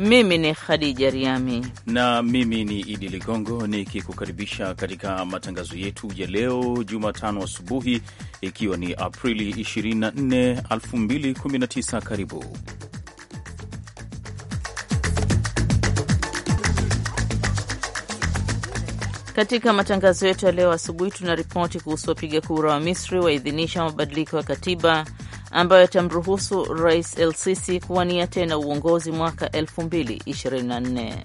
Mimi ni Khadija Riami na mimi ni Idi Ligongo nikikukaribisha katika matangazo yetu ya leo Jumatano asubuhi, ikiwa ni Aprili 24, 2019. Karibu Katika matangazo yetu ya leo asubuhi tuna ripoti kuhusu wapiga kura wa Misri waidhinisha mabadiliko ya katiba ambayo itamruhusu Rais El Sisi kuwania tena uongozi mwaka 2024.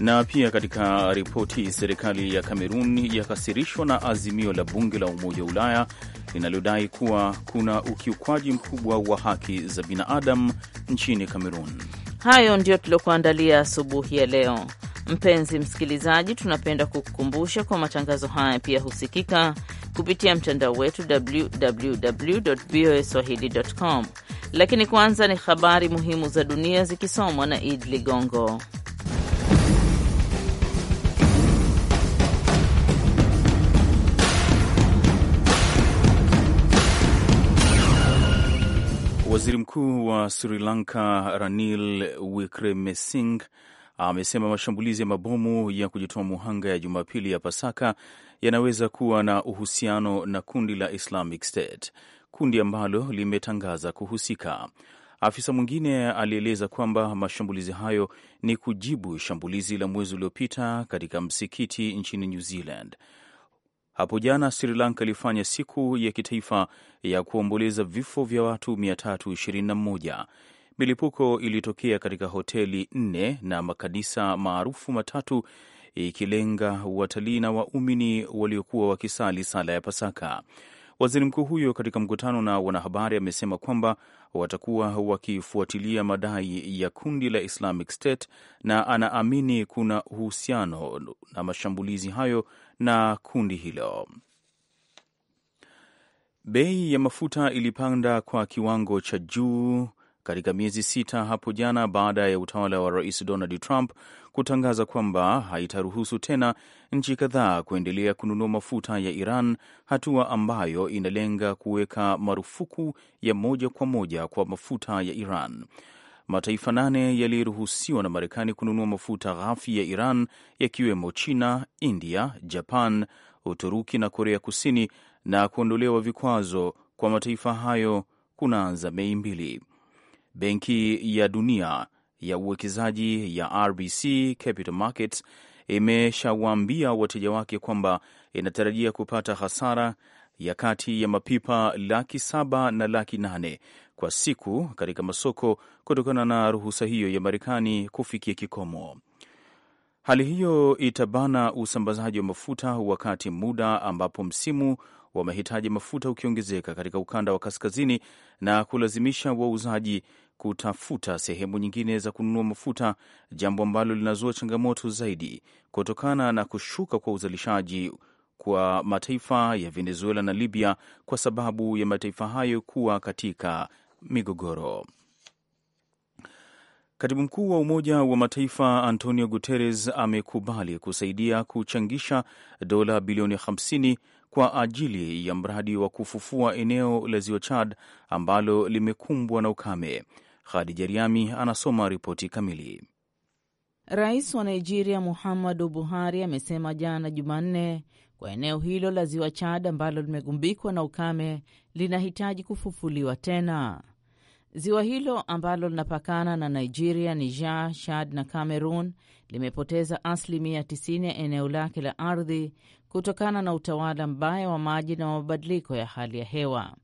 Na pia katika ripoti, serikali ya Kamerun yakasirishwa na azimio la bunge la Umoja wa Ulaya linalodai kuwa kuna ukiukwaji mkubwa wa haki za binadamu nchini Kamerun. Hayo ndiyo tuliokuandalia asubuhi ya leo. Mpenzi msikilizaji, tunapenda kukukumbusha kwa matangazo haya pia husikika kupitia mtandao wetu www voa swahili com. Lakini kwanza ni habari muhimu za dunia zikisomwa na Id Ligongo. Waziri Mkuu wa Sri Lanka Ranil Wickremesinghe amesema mashambulizi ya mabomu ya kujitoa muhanga ya Jumapili ya Pasaka yanaweza kuwa na uhusiano na kundi la Islamic State, kundi ambalo limetangaza kuhusika. Afisa mwingine alieleza kwamba mashambulizi hayo ni kujibu shambulizi la mwezi uliopita katika msikiti nchini New Zealand. Hapo jana Sri Lanka ilifanya siku ya kitaifa ya kuomboleza vifo vya watu 321. Milipuko ilitokea katika hoteli nne na makanisa maarufu matatu ikilenga watalii na waumini waliokuwa wakisali sala ya Pasaka. Waziri mkuu huyo katika mkutano na wanahabari amesema kwamba watakuwa wakifuatilia madai ya kundi la Islamic State na anaamini kuna uhusiano na mashambulizi hayo na kundi hilo. Bei ya mafuta ilipanda kwa kiwango cha juu katika miezi sita hapo jana baada ya utawala wa Rais Donald Trump kutangaza kwamba haitaruhusu tena nchi kadhaa kuendelea kununua mafuta ya Iran, hatua ambayo inalenga kuweka marufuku ya moja kwa moja kwa mafuta ya Iran. Mataifa nane yaliyeruhusiwa na Marekani kununua mafuta ghafi ya Iran yakiwemo China, India, Japan, Uturuki na Korea Kusini, na kuondolewa vikwazo kwa mataifa hayo kunaanza Mei mbili. Benki ya Dunia ya Uwekezaji ya RBC Capital Markets imeshawaambia wateja wake kwamba inatarajia kupata hasara ya kati ya mapipa laki saba na laki nane kwa siku katika masoko kutokana na ruhusa hiyo ya Marekani kufikia kikomo. Hali hiyo itabana usambazaji wa mafuta wakati muda ambapo msimu wa mahitaji mafuta ukiongezeka katika ukanda wa kaskazini na kulazimisha wauzaji kutafuta sehemu nyingine za kununua mafuta, jambo ambalo linazua changamoto zaidi kutokana na kushuka kwa uzalishaji kwa mataifa ya Venezuela na Libya kwa sababu ya mataifa hayo kuwa katika migogoro. Katibu mkuu wa Umoja wa Mataifa Antonio Guterres amekubali kusaidia kuchangisha dola bilioni 50 kwa ajili ya mradi wa kufufua eneo la ziwa Chad ambalo limekumbwa na ukame. Khadija Riami anasoma ripoti kamili. Rais wa Nigeria Muhammadu Buhari amesema jana Jumanne kwa eneo hilo la ziwa Chad ambalo limegumbikwa na ukame linahitaji kufufuliwa tena. Ziwa hilo ambalo linapakana na Nigeria, Niger, Chad na Cameroon limepoteza asilimia 90 ya eneo lake la ardhi kutokana na utawala mbaya wa maji na mabadiliko ya hali ya hewa.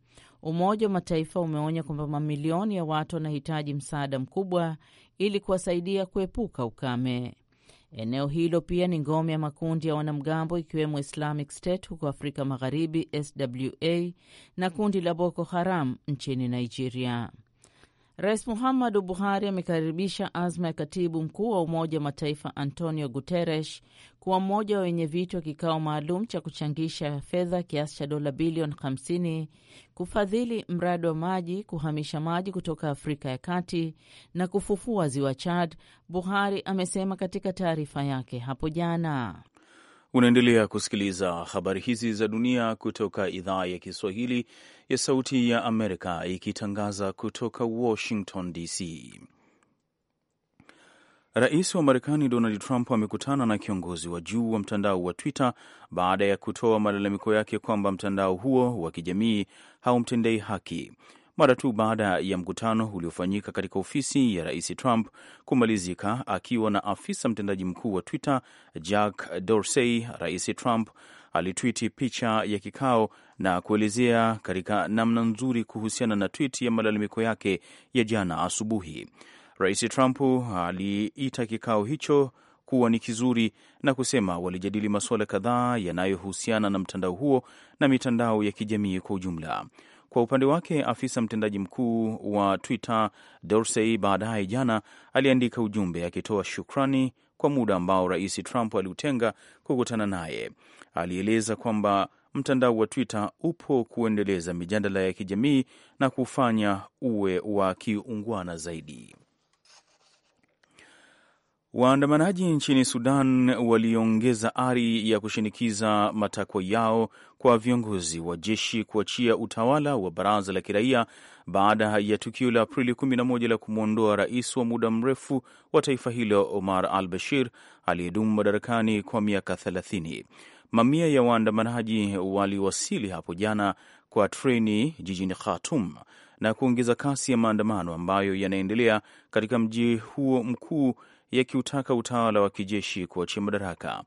Umoja wa Mataifa umeonya kwamba mamilioni ya watu wanahitaji msaada mkubwa ili kuwasaidia kuepuka ukame. Eneo hilo pia ni ngome ya makundi ya wanamgambo ikiwemo Islamic State huko Afrika Magharibi, SWA, na kundi la Boko Haram nchini Nigeria. Rais Muhammadu Buhari amekaribisha azma ya katibu mkuu wa Umoja wa Mataifa Antonio Guterres kuwa mmoja wa wenye viti wa kikao maalum cha kuchangisha fedha kiasi cha dola bilioni 50 kufadhili mradi wa maji, kuhamisha maji kutoka Afrika ya Kati na kufufua ziwa Chad, Buhari amesema katika taarifa yake hapo jana. Unaendelea kusikiliza habari hizi za dunia kutoka idhaa ya Kiswahili ya Sauti ya Amerika ikitangaza kutoka Washington DC. Rais wa Marekani Donald Trump amekutana na kiongozi wa juu wa mtandao wa Twitter baada ya kutoa malalamiko yake kwamba mtandao huo wa kijamii haumtendei haki mara tu baada ya mkutano uliofanyika katika ofisi ya Rais Trump kumalizika, akiwa na afisa mtendaji mkuu wa Twitter Jack Dorsey. Rais Trump alitwiti picha ya kikao na kuelezea katika namna nzuri kuhusiana na twiti ya malalamiko yake ya jana asubuhi. Rais Trump aliita kikao hicho kuwa ni kizuri na kusema walijadili masuala kadhaa yanayohusiana na mtandao huo na mitandao ya kijamii kwa ujumla. Kwa upande wake, afisa mtendaji mkuu wa Twitter Dorsey baadaye jana aliandika ujumbe akitoa shukrani kwa muda ambao Rais Trump aliutenga kukutana naye. Alieleza kwamba mtandao wa Twitter upo kuendeleza mijadala ya kijamii na kufanya uwe wa kiungwana zaidi. Waandamanaji nchini Sudan waliongeza ari ya kushinikiza matakwa yao kwa viongozi wa jeshi kuachia utawala wa baraza la kiraia baada ya tukio la Aprili 11 la kumwondoa rais wa muda mrefu wa taifa hilo Omar al Bashir aliyedumu madarakani kwa miaka 30. Mamia ya waandamanaji waliwasili hapo jana kwa treni jijini Khartoum na kuongeza kasi ya maandamano ambayo yanaendelea katika mji huo mkuu yakiutaka utawala wa kijeshi kuachia madaraka.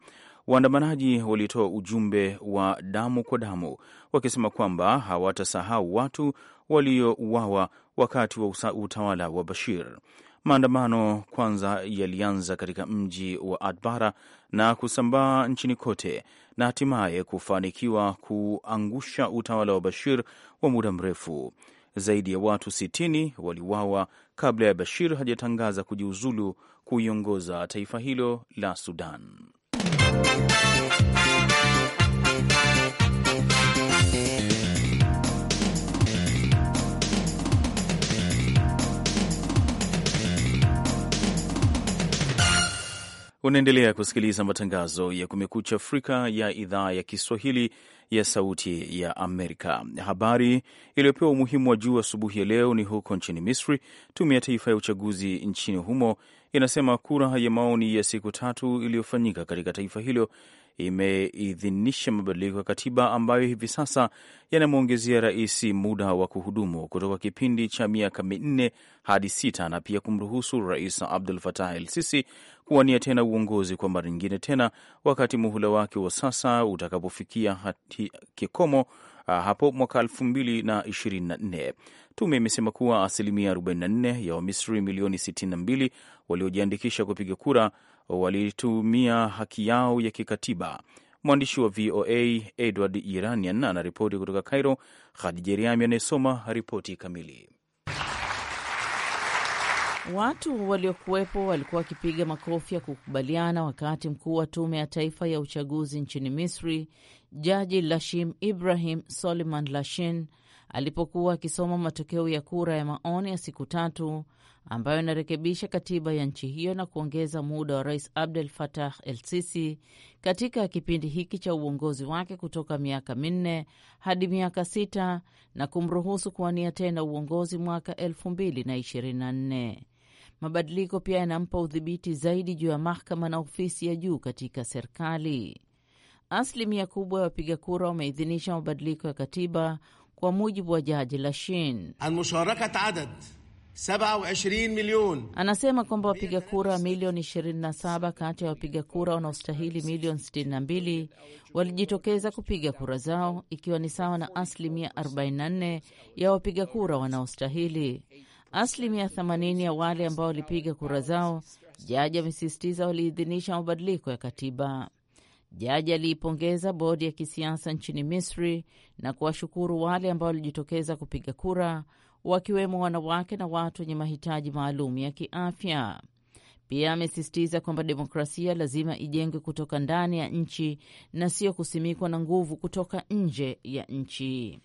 Waandamanaji walitoa ujumbe wa damu kwa damu, wakisema kwamba hawatasahau watu waliouawa wakati wa utawala wa Bashir. Maandamano kwanza yalianza katika mji wa Atbara na kusambaa nchini kote na hatimaye kufanikiwa kuangusha utawala wa Bashir wa muda mrefu. Zaidi ya watu 60 waliuawa kabla ya Bashir hajatangaza kujiuzulu kuiongoza taifa hilo la Sudan. Unaendelea kusikiliza matangazo ya Kumekucha Afrika ya idhaa ya Kiswahili ya Sauti ya Amerika. Habari iliyopewa umuhimu wa juu asubuhi ya leo ni huko nchini Misri. Tume ya Taifa ya Uchaguzi nchini humo inasema kura ya maoni ya siku tatu iliyofanyika katika taifa hilo imeidhinisha mabadiliko ya katiba ambayo hivi sasa yanamwongezea rais muda wa kuhudumu kutoka kipindi cha miaka minne hadi sita na pia kumruhusu Rais Abdul Fatah El Sisi kuwania tena uongozi kwa mara nyingine tena wakati muhula wake wa sasa utakapofikia kikomo ah, hapo mwaka elfu mbili na ishirini na nne. Tume imesema kuwa asilimia 44 ya Wamisri milioni 62 waliojiandikisha kupiga kura walitumia haki yao ya kikatiba. Mwandishi wa VOA Edward Iranian anaripoti kutoka Cairo. Khadija Riami anayesoma ripoti kamili. Watu waliokuwepo walikuwa wakipiga makofi ya kukubaliana wakati mkuu wa tume ya taifa ya uchaguzi nchini Misri, Jaji Lashim Ibrahim Soliman Lashin alipokuwa akisoma matokeo ya kura ya maoni ya siku tatu ambayo inarekebisha katiba ya nchi hiyo na kuongeza muda wa Rais Abdel Fattah El Sisi katika kipindi hiki cha uongozi wake kutoka miaka minne hadi miaka sita na kumruhusu kuwania tena uongozi mwaka elfu mbili na ishirini na nne. Mabadiliko pia yanampa udhibiti zaidi juu ya mahakama na ofisi ya juu katika serikali. Asilimia kubwa ya wapiga kura wameidhinisha mabadiliko ya katiba kwa mujibu wa jaji Lashin. almusharakat adad 27 milioni. Anasema kwamba wapiga kura milioni 27 kati ya wapiga kura wanaostahili milioni 62 walijitokeza kupiga kura zao, ikiwa ni sawa na asilimia 44 ya wapiga kura wanaostahili. Asilimia 80 ya wale ambao walipiga kura zao, jaji amesisitiza, waliidhinisha mabadiliko ya katiba. Jaji aliipongeza bodi ya kisiasa nchini Misri na kuwashukuru wale ambao walijitokeza kupiga kura, wakiwemo wanawake na watu wenye mahitaji maalum ya kiafya. Pia amesisitiza kwamba demokrasia lazima ijengwe kutoka ndani ya nchi na sio kusimikwa na nguvu kutoka nje ya nchi.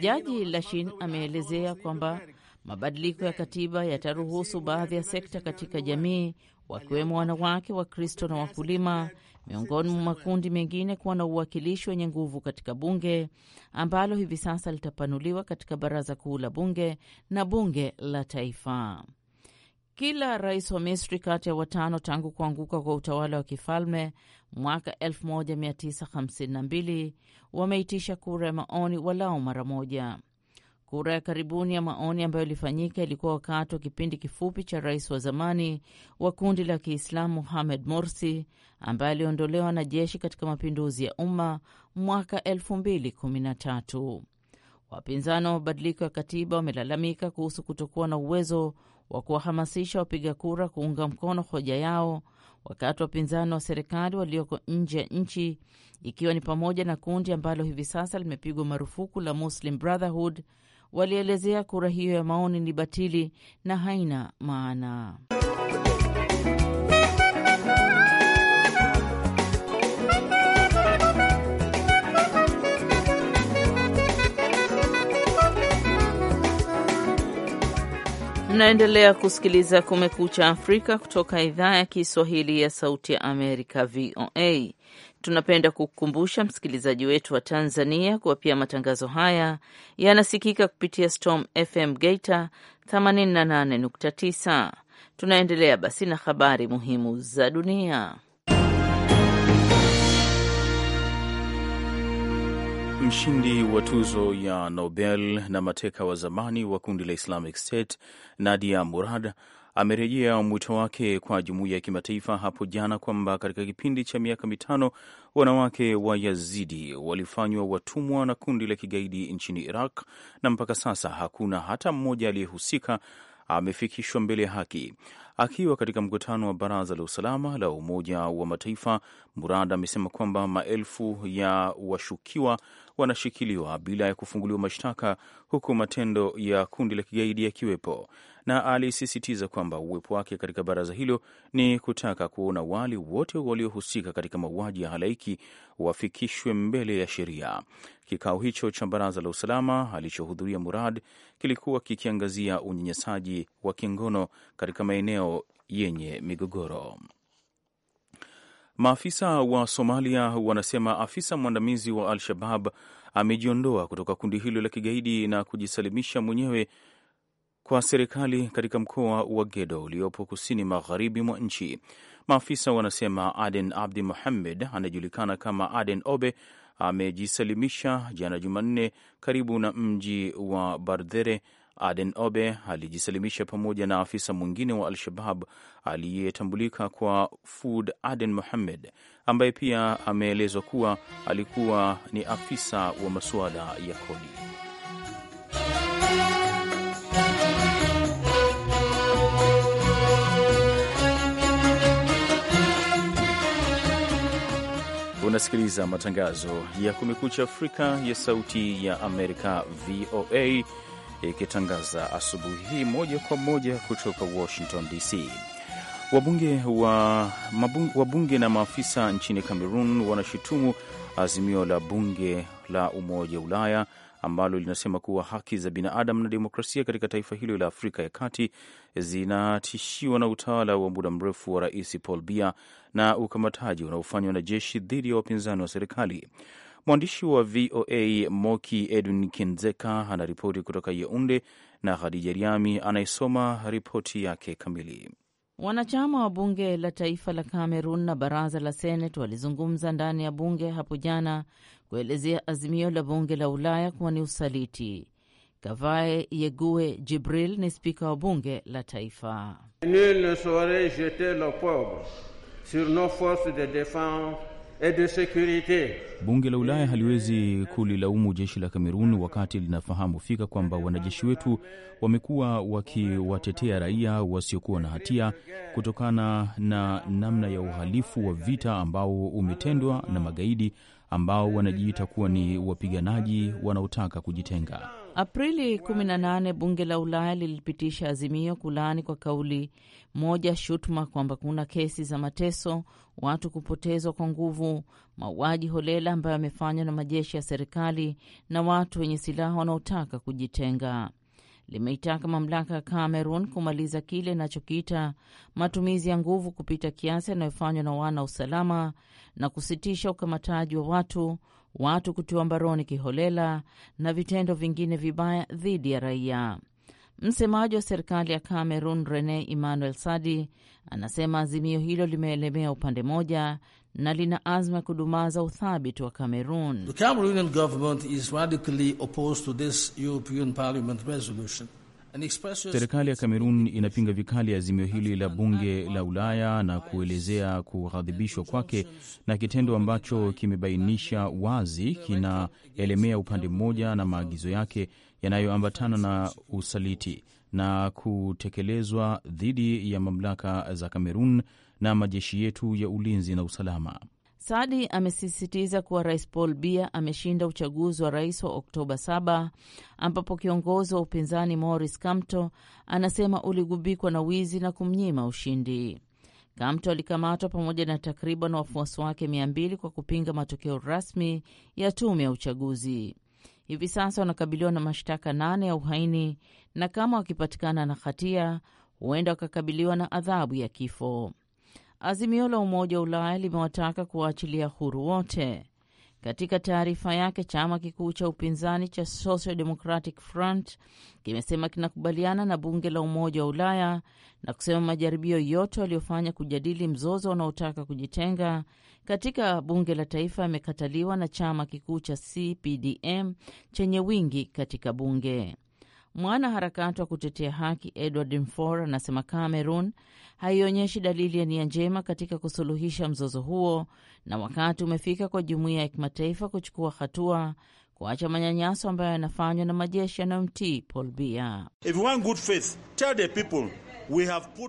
Jaji Lashin ameelezea kwamba mabadiliko ya katiba yataruhusu baadhi ya sekta katika jamii wakiwemo wanawake, Wakristo na wakulima, miongoni mwa makundi mengine, kuwa na uwakilishi wenye nguvu katika bunge ambalo hivi sasa litapanuliwa katika baraza kuu la bunge na bunge la taifa. Kila rais wa Misri kati ya watano tangu kuanguka kwa utawala wa kifalme mwaka 1952 wameitisha kura ya maoni walao mara moja. Kura ya karibuni ya maoni ambayo ilifanyika ilikuwa wakati wa kipindi kifupi cha rais wa zamani wa kundi la Kiislamu Mohamed Morsi ambaye aliondolewa na jeshi katika mapinduzi ya umma mwaka 2013. Wapinzani wa mabadiliko ya katiba wamelalamika kuhusu kutokuwa na uwezo wa kuwahamasisha wapiga kura kuunga mkono hoja yao, wakati wapinzani wa serikali walioko nje ya nchi, ikiwa ni pamoja na kundi ambalo hivi sasa limepigwa marufuku la Muslim Brotherhood walielezea kura hiyo ya maoni ni batili na haina maana. Mnaendelea kusikiliza Kumekucha Afrika kutoka idhaa ya Kiswahili ya Sauti ya Amerika, VOA. Tunapenda kukumbusha msikilizaji wetu wa Tanzania kuwa pia matangazo haya yanasikika kupitia Storm FM Geita 88.9. Tunaendelea basi na habari muhimu za dunia. Mshindi wa tuzo ya Nobel na mateka wa zamani wa kundi la Islamic State Nadia Murad amerejea mwito wake kwa jumuiya ya kimataifa hapo jana kwamba katika kipindi cha miaka mitano wanawake wa Yazidi walifanywa watumwa na kundi la kigaidi nchini Iraq na mpaka sasa hakuna hata mmoja aliyehusika amefikishwa mbele ya haki. Akiwa katika mkutano wa Baraza la Usalama la Umoja wa Mataifa, Murad amesema kwamba maelfu ya washukiwa wanashikiliwa bila ya kufunguliwa mashtaka, huku matendo ya kundi la kigaidi yakiwepo, na alisisitiza kwamba uwepo wake katika baraza hilo ni kutaka kuona wale wote waliohusika katika mauaji ya halaiki wafikishwe mbele ya sheria. Kikao hicho cha baraza la usalama alichohudhuria Murad kilikuwa kikiangazia unyanyasaji wa kingono katika maeneo maeneo yenye migogoro. Maafisa wa Somalia wanasema afisa mwandamizi wa Al-Shabab amejiondoa kutoka kundi hilo la kigaidi na kujisalimisha mwenyewe kwa serikali katika mkoa wa Gedo uliopo kusini magharibi mwa nchi. Maafisa wanasema Aden Abdi muhammed anayejulikana kama Aden Obe amejisalimisha jana Jumanne karibu na mji wa Bardhere Aden Obe alijisalimisha pamoja na afisa mwingine wa Al-Shabab aliyetambulika kwa Fud Aden muhammed ambaye pia ameelezwa kuwa alikuwa ni afisa wa masuala ya kodi. Unasikiliza matangazo ya Kumekucha Afrika ya Sauti ya Amerika, VOA ikitangaza asubuhi hii moja kwa moja kutoka Washington DC. Wabunge, wa, mabunge, wabunge na maafisa nchini Cameroon wanashutumu azimio la bunge la Umoja wa Ulaya ambalo linasema kuwa haki za binadamu na demokrasia katika taifa hilo la Afrika ya Kati zinatishiwa na utawala wa muda mrefu wa Rais Paul Biya na ukamataji unaofanywa na jeshi dhidi ya wapinzani wa serikali. Mwandishi wa VOA Moki Edwin Kinzeka anaripoti kutoka Yeunde na Khadija Riami anayesoma ripoti yake kamili. Wanachama wa bunge la taifa la Kamerun na baraza la Seneti walizungumza ndani ya bunge hapo jana kuelezea azimio la bunge la Ulaya kuwa ni usaliti. Kavae Yegue Jibril ni spika wa bunge la taifa. Nul ne saurait jeter le sur nos forces de defense Bunge la Ulaya haliwezi kulilaumu jeshi la Kamerun wakati linafahamu fika kwamba wanajeshi wetu wamekuwa wakiwatetea raia wasiokuwa na hatia kutokana na namna ya uhalifu wa vita ambao umetendwa na magaidi ambao wanajiita kuwa ni wapiganaji wanaotaka kujitenga. Aprili 18 bunge la Ulaya lilipitisha azimio kulaani kwa kauli moja shutuma kwamba kuna kesi za mateso, watu kupotezwa kwa nguvu, mauaji holela ambayo yamefanywa na majeshi ya serikali na watu wenye silaha wanaotaka kujitenga. Limeitaka mamlaka ya Cameroon kumaliza kile inachokiita matumizi ya nguvu kupita kiasi yanayofanywa na wana usalama na kusitisha ukamataji wa watu, watu kutiwa mbaroni kiholela na vitendo vingine vibaya dhidi ya raia. Msemaji wa serikali ya Cameroon Rene Emmanuel Sadi anasema azimio hilo limeelemea upande mmoja na lina azma ya kudumaza uthabiti wa Cameroon. The Cameroonian government is radically opposed to this European Parliament resolution. Serikali ya Kamerun inapinga vikali azimio hili la bunge la Ulaya na kuelezea kughadhibishwa kwake na kitendo ambacho kimebainisha wazi kinaelemea upande mmoja na maagizo yake yanayoambatana na usaliti na kutekelezwa dhidi ya mamlaka za Kamerun na majeshi yetu ya ulinzi na usalama. Sadi amesisitiza kuwa rais Paul bia ameshinda uchaguzi wa rais wa Oktoba 7 ambapo kiongozi wa upinzani Morris Kamto anasema uligubikwa na wizi na kumnyima ushindi. Kamto alikamatwa pamoja na takriban wafuasi wake mia mbili kwa kupinga matokeo rasmi ya tume ya uchaguzi. Hivi sasa wanakabiliwa na mashtaka nane ya uhaini na kama wakipatikana na hatia huenda wakakabiliwa na adhabu ya kifo. Azimio la Umoja wa Ulaya limewataka kuwaachilia huru wote. Katika taarifa yake, chama kikuu cha upinzani cha Social Democratic Front kimesema kinakubaliana na bunge la Umoja wa Ulaya na kusema majaribio yote waliofanya kujadili mzozo unaotaka kujitenga katika bunge la taifa yamekataliwa na chama kikuu cha CPDM chenye wingi katika bunge. Mwanaharakati wa kutetea haki Edward Mfor anasema Cameroon haionyeshi dalili ya nia njema katika kusuluhisha mzozo huo, na wakati umefika kwa jumuiya ya kimataifa kuchukua hatua kuacha manyanyaso ambayo yanafanywa na majeshi yanayomtii Paul Bia.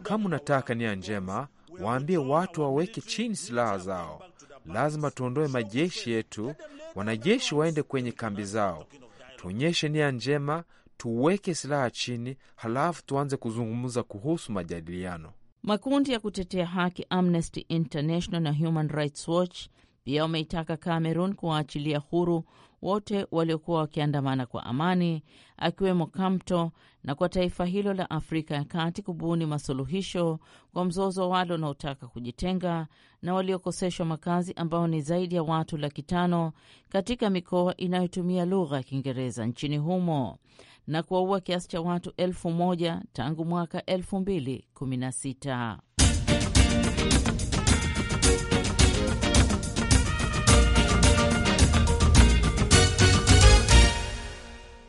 Kama unataka nia njema, waambie watu waweke chini silaha zao. Lazima tuondoe majeshi yetu, wanajeshi waende kwenye kambi zao. Tuonyeshe nia njema tuweke silaha chini, halafu tuanze kuzungumza kuhusu majadiliano. Makundi ya kutetea haki Amnesty International na Human Rights Watch pia wameitaka Cameroon kuwaachilia huru wote waliokuwa wakiandamana kwa amani, akiwemo Kamto, na kwa taifa hilo la Afrika ya Kati kubuni masuluhisho kwa mzozo wa wale wanaotaka kujitenga na waliokoseshwa makazi ambao ni zaidi ya watu laki tano katika mikoa inayotumia lugha ya Kiingereza nchini humo na kuwaua kiasi cha watu elfu moja tangu mwaka 216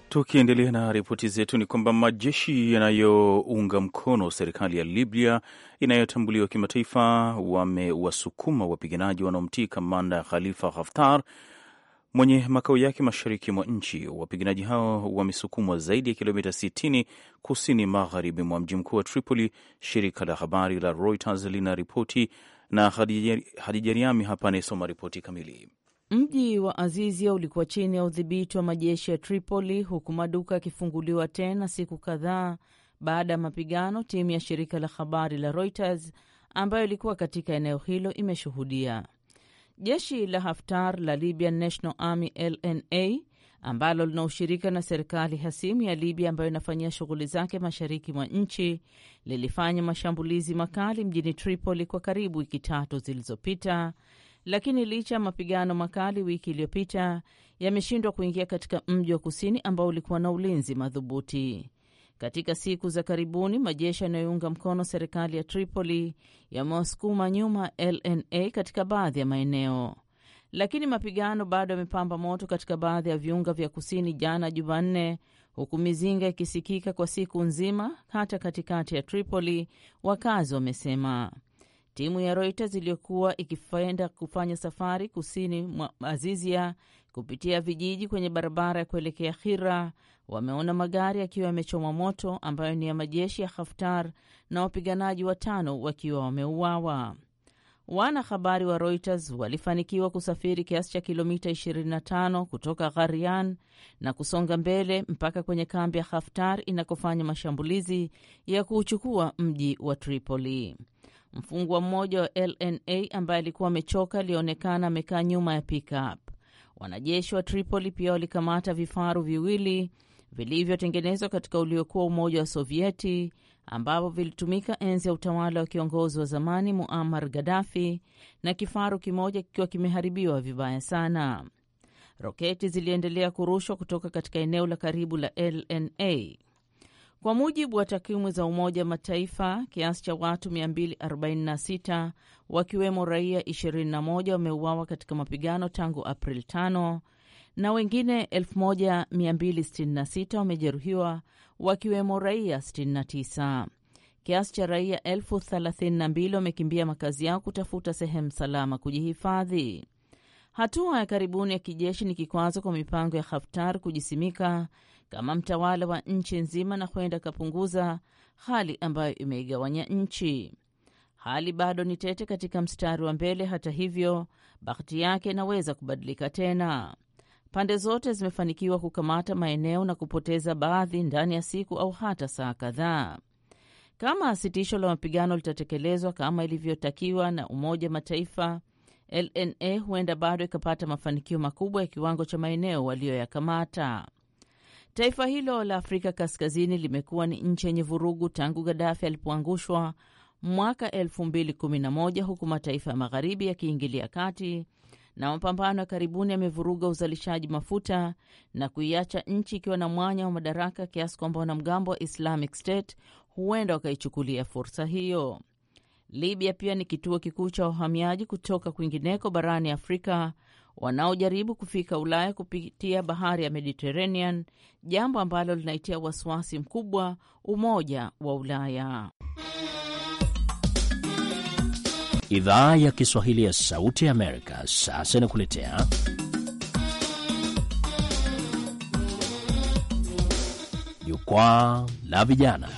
Tukiendelea na ripoti zetu ni kwamba majeshi yanayounga mkono serikali ya Libya inayotambuliwa kimataifa wamewasukuma wapiganaji wanaomtii kamanda Khalifa Haftar mwenye makao yake mashariki mwa nchi. Wapiganaji hao wamesukumwa zaidi ya kilomita 60 kusini magharibi mwa mji mkuu wa Tripoli, shirika la habari la Reuters lina ripoti, na Hadija Riami hapa anayesoma ripoti kamili. Mji wa Azizia ulikuwa chini ya udhibiti wa majeshi ya Tripoli, huku maduka yakifunguliwa tena siku kadhaa baada ya mapigano. Timu ya shirika la habari la Reuters ambayo ilikuwa katika eneo hilo imeshuhudia Jeshi la Haftar la Libyan National Army LNA ambalo lina ushirika na serikali hasimu ya Libya ambayo inafanyia shughuli zake mashariki mwa nchi lilifanya mashambulizi makali mjini Tripoli kwa karibu wiki tatu zilizopita, lakini licha ya mapigano makali wiki iliyopita yameshindwa kuingia katika mji wa kusini ambao ulikuwa na ulinzi madhubuti. Katika siku za karibuni, majeshi yanayounga mkono serikali ya Tripoli yamewasukuma nyuma LNA katika baadhi ya maeneo, lakini mapigano bado yamepamba moto katika baadhi ya viunga vya kusini jana Jumanne, huku mizinga ikisikika kwa siku nzima hata katikati ya Tripoli, wakazi wamesema. Timu ya Reuters iliyokuwa ikifenda kufanya safari kusini mwa Azizia kupitia vijiji kwenye barabara ya kuelekea Hira wameona magari yakiwa yamechomwa moto ambayo ni ya majeshi ya Haftar na wapiganaji watano wakiwa wameuawa. Wanahabari wa Reuters walifanikiwa kusafiri kiasi cha kilomita 25 kutoka Gharian na kusonga mbele mpaka kwenye kambi ya Haftar inakofanya mashambulizi ya kuuchukua mji wa Tripoli. Mfungwa mmoja wa LNA ambaye alikuwa amechoka alionekana amekaa nyuma ya pickup. Wanajeshi wa Tripoli pia walikamata vifaru viwili vilivyotengenezwa katika uliokuwa Umoja wa Sovieti ambavyo vilitumika enzi ya utawala wa kiongozi wa zamani Muammar Gaddafi, na kifaru kimoja kikiwa kimeharibiwa vibaya sana. Roketi ziliendelea kurushwa kutoka katika eneo la karibu la LNA. Kwa mujibu wa takwimu za Umoja wa Mataifa, kiasi cha watu 246 wakiwemo raia 21 wameuawa katika mapigano tangu Aprili 5 na wengine 1266 wamejeruhiwa wakiwemo raia 69. Kiasi cha raia 32 wamekimbia makazi yao kutafuta sehemu salama kujihifadhi. Hatua ya karibuni ya kijeshi ni kikwazo kwa mipango ya Haftar kujisimika kama mtawala wa nchi nzima na huenda akapunguza hali ambayo imeigawanya nchi. Hali bado ni tete katika mstari wa mbele. Hata hivyo, bahati yake inaweza kubadilika tena. Pande zote zimefanikiwa kukamata maeneo na kupoteza baadhi ndani ya siku au hata saa kadhaa. Kama sitisho la mapigano litatekelezwa kama ilivyotakiwa na Umoja Mataifa, LNA huenda bado ikapata mafanikio makubwa ya kiwango cha maeneo waliyoyakamata. Taifa hilo la Afrika Kaskazini limekuwa ni nchi yenye vurugu tangu Gadafi alipoangushwa mwaka 2011 huku mataifa ya magharibi yakiingilia kati na mapambano ya karibuni yamevuruga uzalishaji mafuta na kuiacha nchi ikiwa na mwanya wa madaraka kiasi kwamba wanamgambo wa Islamic State huenda wakaichukulia fursa hiyo. Libya pia ni kituo kikuu cha wahamiaji kutoka kwingineko barani Afrika wanaojaribu kufika Ulaya kupitia bahari ya Mediterranean, jambo ambalo linaitia wasiwasi mkubwa Umoja wa Ulaya. Idhaa ya Kiswahili ya Sauti ya Amerika sasa inakuletea Jukwaa la Vijana.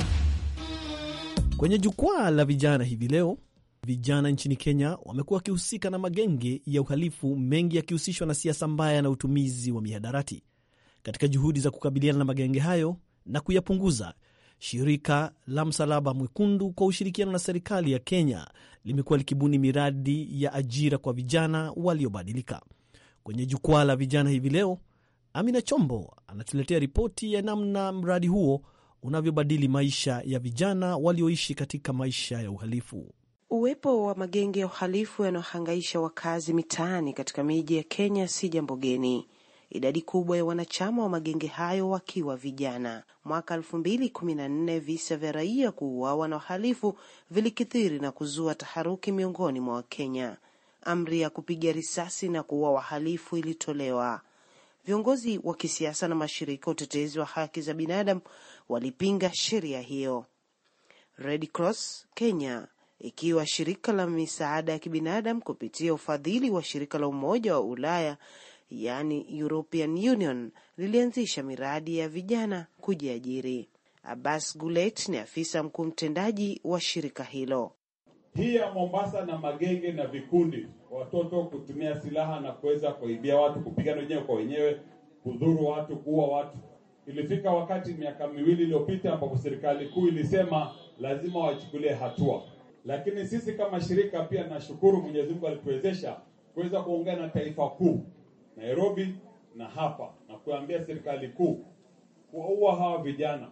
Kwenye Jukwaa la Vijana hivi leo, vijana nchini Kenya wamekuwa wakihusika na magenge ya uhalifu, mengi yakihusishwa na siasa mbaya na utumizi wa mihadarati. Katika juhudi za kukabiliana na magenge hayo na kuyapunguza, Shirika la Msalaba Mwekundu kwa ushirikiano na serikali ya Kenya limekuwa likibuni miradi ya ajira kwa vijana waliobadilika. Kwenye jukwaa la vijana hivi leo, Amina Chombo anatuletea ripoti ya namna mradi huo unavyobadili maisha ya vijana walioishi katika maisha ya uhalifu. Uwepo wa magenge ya uhalifu yanayohangaisha wakazi mitaani katika miji ya Kenya si jambo geni idadi kubwa ya wanachama wa magenge hayo wakiwa vijana. Mwaka elfu mbili kumi na nne visa vya raia kuuawa na wahalifu vilikithiri na kuzua taharuki miongoni mwa Wakenya. Amri ya kupiga risasi na kuua wahalifu ilitolewa. Viongozi wa kisiasa na mashirika utetezi wa haki za binadamu walipinga sheria hiyo. Red Cross Kenya ikiwa shirika la misaada ya kibinadamu kupitia ufadhili wa shirika la Umoja wa Ulaya yaani European Union lilianzisha miradi ya vijana kujiajiri. Abbas Gulet ni afisa mkuu mtendaji wa shirika hilo. Hii ya Mombasa na magenge na vikundi, watoto kutumia silaha na kuweza kuibia watu, kupigana wenyewe kwa wenyewe, kudhuru watu, kuua watu. Ilifika wakati miaka miwili iliyopita ambapo serikali kuu ilisema lazima wachukulie hatua, lakini sisi kama shirika pia nashukuru Mwenyezi Mungu alituwezesha kuweza kuongea na taifa kuu Nairobi na hapa na kuambia serikali kuu kuwaua hawa vijana,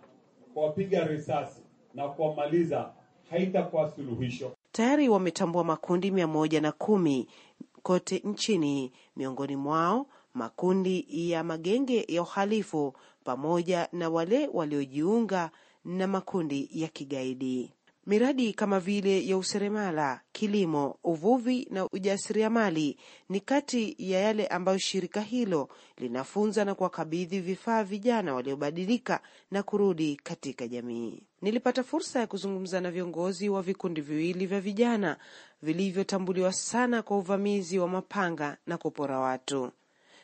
kuwapiga risasi na kuwamaliza haitakuwa suluhisho. Tayari wametambua makundi mia moja na kumi kote nchini, miongoni mwao makundi ya magenge ya uhalifu pamoja na wale waliojiunga na makundi ya kigaidi. Miradi kama vile ya useremala, kilimo, uvuvi na ujasiriamali ni kati ya yale ambayo shirika hilo linafunza na kuwakabidhi vifaa vijana waliobadilika na kurudi katika jamii. Nilipata fursa ya kuzungumza na viongozi wa vikundi viwili vya vijana vilivyotambuliwa sana kwa uvamizi wa mapanga na kupora watu,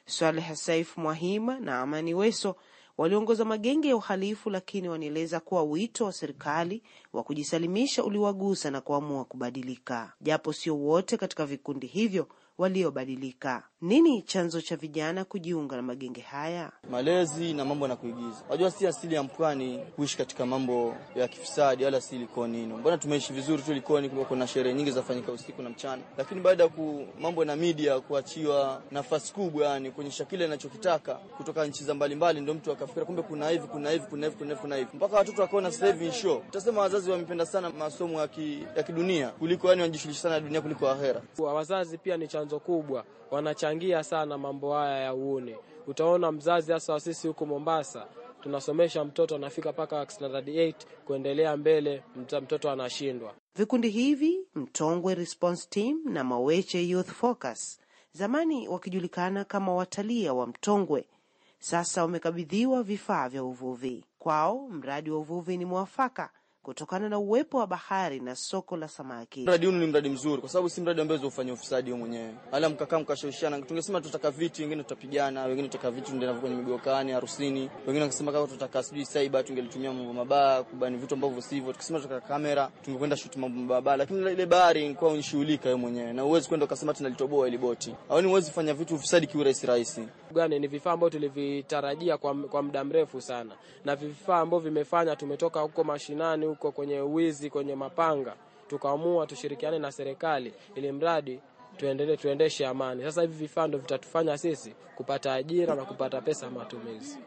Swaleh Saif Mwahima na Amani Weso waliongoza magenge ya uhalifu, lakini wanaeleza kuwa wito wa serikali wa kujisalimisha uliwagusa na kuamua kubadilika, japo sio wote katika vikundi hivyo waliobadilika. Nini chanzo cha vijana kujiunga na magenge haya? Malezi na mambo na kuigiza. Wajua, si asili ya mpwani kuishi katika mambo ya kifisadi, wala si Likoni hino. Mbona tumeishi vizuri tu Likoni, kulikuwa kuna sherehe nyingi zafanyika usiku na mchana, lakini baada ya ku mambo na media kuachiwa nafasi kubwa, yani kuonyesha kile anachokitaka kutoka nchi za mbalimbali, ndio mtu akafikira kumbe kuna hivi kuna hivi kuna hivi kuna hivi kuna hivi, mpaka watoto wakaona sasa hivi show. Utasema wazazi wamependa sana masomo ya kidunia kuliko yani wanajishughulisha sana na dunia kuliko ahera. Wazazi pia ni chanzo chanzo kubwa, wanachangia sana mambo haya ya uone. Utaona mzazi hasa sisi huko Mombasa tunasomesha mtoto anafika mpaka standard 8 kuendelea mbele, mtoto anashindwa. Vikundi hivi Mtongwe Response Team na Maweche Youth Focus, zamani wakijulikana kama watalia wa Mtongwe, sasa wamekabidhiwa vifaa vya uvuvi. Kwao mradi wa uvuvi ni mwafaka kutokana na uwepo wa bahari na soko la samaki. Mradi huu ni mradi mzuri, kwa sababu si mradi ambao ufanya ufisadi mwenyewe, ala mkakaa mkashoshana. Tungesema tutaka viti, wengine tutapigana, wengine tutaka viti tuende navyo kwenye migokani, harusini, wengine wakisema kama tutaka sijui cyber, tungelitumia mambo mabaya kubani vitu ambavyo sivyo. Tukisema tutaka kamera, tungekwenda shoot mambo mabaya, lakini ile bahari ilikuwa unishughulika wewe mwenyewe, na uwezi kwenda ukasema tunalitoboa ile boti au ni uwezi fanya vitu ufisadi kiurahisi rahisi gani. Ni vifaa ambavyo tulivitarajia kwa, kwa muda mrefu sana, na vifaa ambavyo vimefanya tumetoka huko mashinani tuko kwenye wizi, kwenye mapanga, tukaamua tushirikiane na serikali ili mradi tuendelee tuendeshe amani. Sasa hivi vifaa ndio vitatufanya sisi kupata ajira na kupata pesa ya matumizi.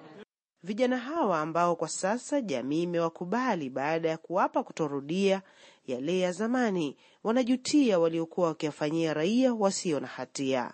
Vijana hawa ambao kwa sasa jamii imewakubali baada ya kuwapa kutorudia yale ya zamani, wanajutia waliokuwa wakiwafanyia raia wasio na hatia.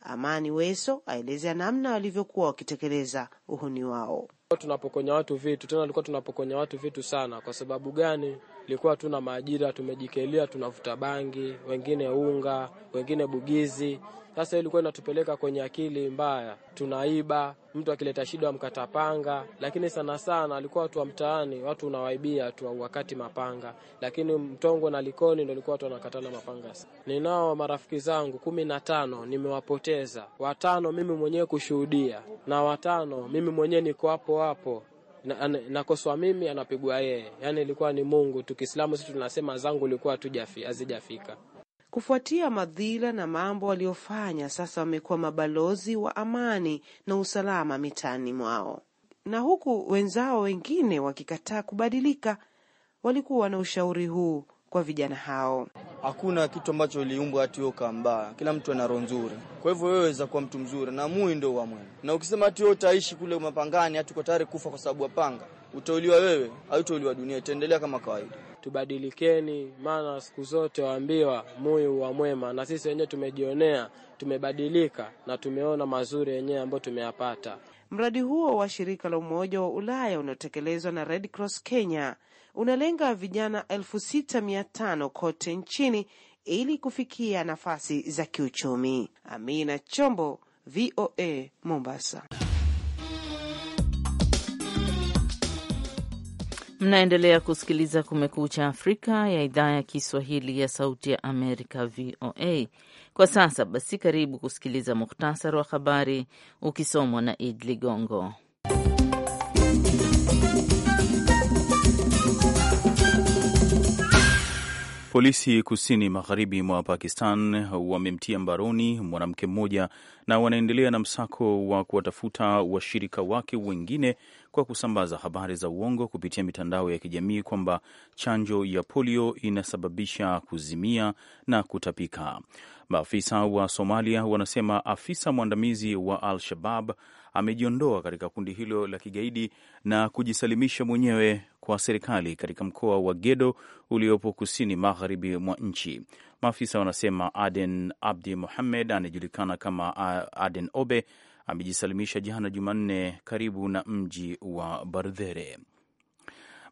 Amani Weso aelezea namna walivyokuwa wakitekeleza uhuni wao tunapokonya watu vitu, tena tulikuwa tunapokonya watu vitu sana. Kwa sababu gani? ilikuwa tuna maajira, tumejikelia tunavuta bangi, wengine unga, wengine bugizi. Sasa ilikuwa inatupeleka kwenye akili mbaya, tunaiba. Mtu akileta shida amkata panga, lakini sana sana alikuwa watu wa mtaani, watu unawaibia tu wakati mapanga, lakini mtongo na likoni ndio ilikuwa watu wanakatana mapanga. Ninao marafiki zangu kumi na tano nimewapoteza, watano mimi mwenyewe kushuhudia na watano mimi mwenyewe niko hapo hapo nakoswa na mimi anapigwa yeye, yani ilikuwa ni Mungu tu. Kiislamu sisi tunasema zangu ilikuwa hazijafika. Kufuatia madhila na mambo waliofanya, sasa wamekuwa mabalozi wa amani na usalama mitaani mwao, na huku wenzao wengine wakikataa kubadilika, walikuwa na ushauri huu kwa vijana hao. Hakuna kitu ambacho iliumbwa ati wewe mbaya. Kila mtu ana roho nzuri, kwa hivyo wewe waweza kuwa mtu mzuri na mui ndio wa Na ukisema hati wewe utaishi kule mapangani, hati uko tayari kufa kwa sababu ya panga, utauliwa wewe hautauliwa dunia, itaendelea kama kawaida. Tubadilikeni, maana siku zote waambiwa muyu wa mwema, na sisi wenyewe tumejionea, tumebadilika na tumeona mazuri yenyewe ambayo tumeyapata. Mradi huo wa shirika la Umoja wa Ulaya unaotekelezwa na Red Cross Kenya unalenga vijana elfu sita mia tano kote nchini ili kufikia nafasi za kiuchumi. Amina Chombo, VOA Mombasa. Mnaendelea kusikiliza Kumekucha Afrika ya idhaa ya Kiswahili ya Sauti ya Amerika, VOA. Kwa sasa basi, karibu kusikiliza muhtasari wa habari ukisomwa na Id Ligongo. Polisi kusini magharibi mwa Pakistan wamemtia mbaroni mwanamke mmoja na wanaendelea na msako wa kuwatafuta washirika wake wengine kwa kusambaza habari za uongo kupitia mitandao ya kijamii kwamba chanjo ya polio inasababisha kuzimia na kutapika. Maafisa wa Somalia wanasema afisa mwandamizi wa Al-Shabab amejiondoa katika kundi hilo la kigaidi na kujisalimisha mwenyewe kwa serikali katika mkoa wa Gedo uliopo kusini magharibi mwa nchi. Maafisa wanasema Aden Abdi muhamed anayejulikana kama Aden Obe amejisalimisha jana Jumanne karibu na mji wa Bardhere.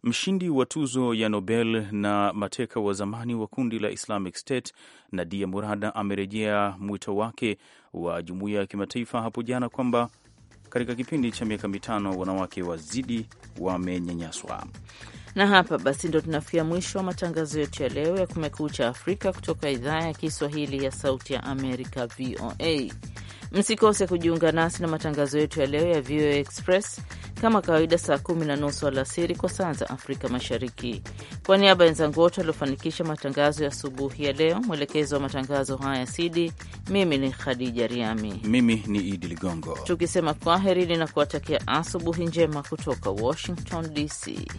Mshindi wa tuzo ya Nobel na mateka wa zamani wa kundi la Islamic State Nadia Murada amerejea mwito wake wa jumuiya ya kimataifa hapo jana kwamba katika kipindi cha miaka mitano wanawake wazidi wamenyanyaswa. Na hapa basi ndo tunafikia mwisho wa matangazo yetu ya leo ya Kumekucha Afrika kutoka idhaa ya Kiswahili ya Sauti ya Amerika, VOA. Msikose kujiunga nasi na matangazo yetu ya leo ya VOA Express kama kawaida, saa kumi na nusu alasiri kwa saa za Afrika Mashariki. Kwa niaba ya wenzangu wote waliofanikisha matangazo ya asubuhi ya leo, mwelekezi wa matangazo haya Sidi, mimi ni Khadija Riami, mimi ni Idi Ligongo, tukisema kwaherini na kuwatakia asubuhi njema kutoka Washington DC.